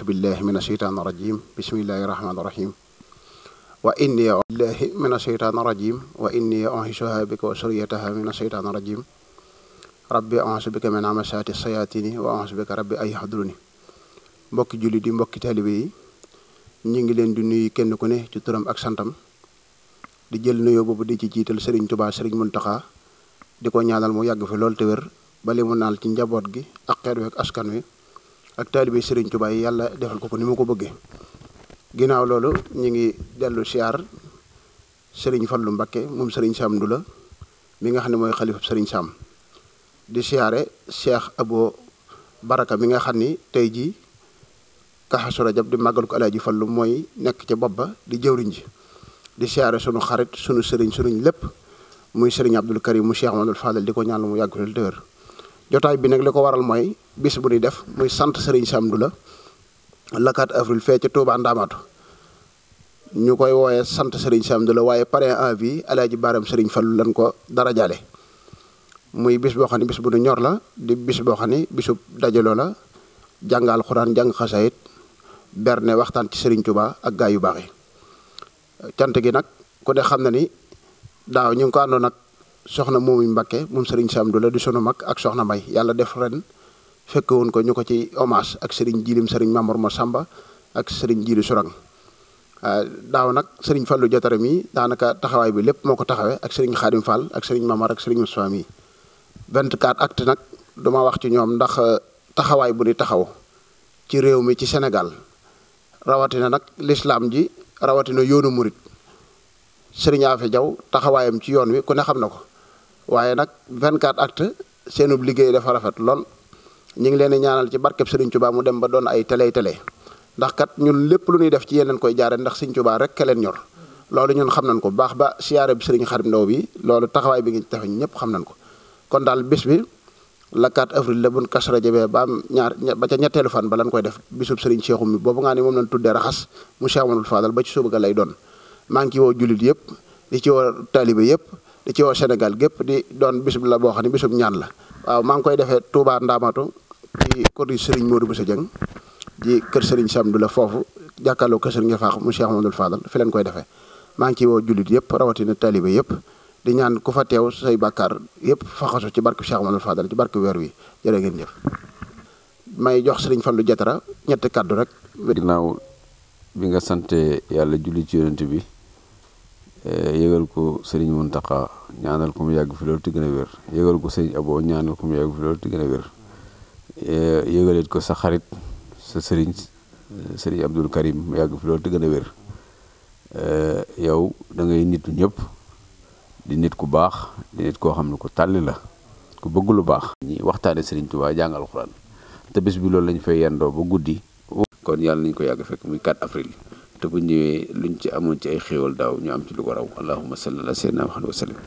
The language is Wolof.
أعوذ بالله من الشيطان الرجيم بسم الله الرحمن الرحيم وإني أعوذ بالله من الشيطان الرجيم وإني أعيذها بك وسريتها من الشيطان الرجيم mbokki julli di mbokki taalibe yi ñu ngi leen di nuyu kenn ku ne ci turam ak santam di jël nuyoo boobu di ci jiital Serigne Touba Serigne Mountakha di ko ñaanal mu yàgg fi lool te wér bali mu naal ci njaboot gi ak xeet wi askan wi ak taalibe Serigne Touba yàlla defal ko ko ni mu ko bëggee ginnaaw loolu ñu ngi dellu siyaar sëriñ fallu Mbakke moom Serigne Sam Ndoulo mi nga xam ne mooy xalifa Serigne Sam di siyaare Cheikh Abo Baraka mi nga xam ni tey jii Kazu Rajab di màggal ko Alaaji fallu mooy nekk ci bopp ba di jëwriñ ji di siyaare sunu xarit sunu Serigne sunu lépp muy Serigne Abdul Karim mu Cheikh Amadou Fadel di ko ñaan mu yàgg lu dëgër jotaay bi nag li ko waral mooy bis bu ñuy def muy sant Serigne samdu la le 4 avril fee ca Touba Ndamatou ñu koy wooyee sant Serigne Sam Doula waaye parrain en vie Alaaji Baaram Serigne falu lan ko dara jaale muy bis boo xam ne bis bu ñu ñor la di bis boo xam ne bisub dajaloo la jàngal xuraan jàng xasaayit berne waxtaan ci Serigne Touba ak gaay yu baax yi gi nag ku ne xam na ni daaw ñu ngi ko àndoon nag soxna moomu Mbakke moom Serigne saam Doula di sunu mag ak soxna May yàlla def ren fekk woon ko ñu ko ci hommage ak Serigne Jilim Serigne Mamour Massamba ak Serigne Jili Sourang ah, daaw nag Serigne fallu Diatara mi daanaka taxawaay bi lépp moo ko taxawee ak Serigne Khadim Fall ak Serigne Mamar ak Serigne Moussa mi 24 acte nag duma wax ci ñoom ndax euh, taxawaay bu di taxaw ci réew mi ci Sénégal rawatina nag lislaam ji rawatina yoonu murit Serigne Afe jaw taxawaayam ci yoon wi ku ne xam na ko. waaye nag 24 actu seenub liggéey dafa rafet lool ñu ngi leen di ñaanal ci barkeb Serigne Touba mu dem ba doon ay télé télé ndax kat ñun lépp lu ñuy def ci yeneen koy jaare ndax Serigne Touba rek ka leen ñor loolu ñun xam nañ ko bu baax ba siyaare bi Serigne Xadim Ndaw bi loolu taxawaay bi ngi ci tafe ñëpp xam nañ ko kon daal bis bi la 4 avril la buñ Kazu Rajab ba am ñaar ba ca ñetteelu fan ba lañ koy def bisub Serigne Cheikhou mi boobu nga ne moom lañ tuddee raxas mu Cheikh Amadou Fadal ba ci suba ga lay doon maa ngi ci woo jullit yëpp di ci woo taalibe yëpp di ci woo Sénégal gépp di doon bisub la boo xam ne bisub ñaan la waaw maa ngi koy defee Touba Ndamatu ci kër Serigne Modou Boussa Dieng ci kër Serigne Samdou la foofu jàkkaarloo kër Serigne Faax mu Cheikh Mamadou faa fi leen koy defee maa ngi ciy woo jullit yëpp rawatina talibe yëpp di ñaan ku fa teew say bàkkaar yëpp faxasu ci barke Cheikh Mamadou Fadal ci barke weer wi jërë ngeen jëf may jox Serigne Fallou Diatara ñetti kàddu rek. ginnaaw bi nga sante yàlla julli ci yonent bi. Eh, yëgal ko sëriñ Muntaxa ñaanal ko mu yàgg fi loolu te gën a wér yëgal ko sëriñ Abo ñaanal ko mu yàgg fi loolu te gën a wér eh, yëgalit ko sa xarit sa sëriñ sëriñ Abdul yàgg fi loolu gën a wér eh, yow dangay ngay nitu ñëpp di nit ku baax di nit koo xam ne ku tàlli la ku bëgg lu baax ñi waxtaane sëriñ Tuubaa jàngal Alxuraan te bés bi loolu lañ fay yendoo ba guddi kon yàlla nañ ko yàgg fekk muy 4 avril te bu ñëwee luñ ci amoon ci ay xéewal daaw ñu am ci lu ko raw allahumma salli ala sayyidina Muhammad wa sallim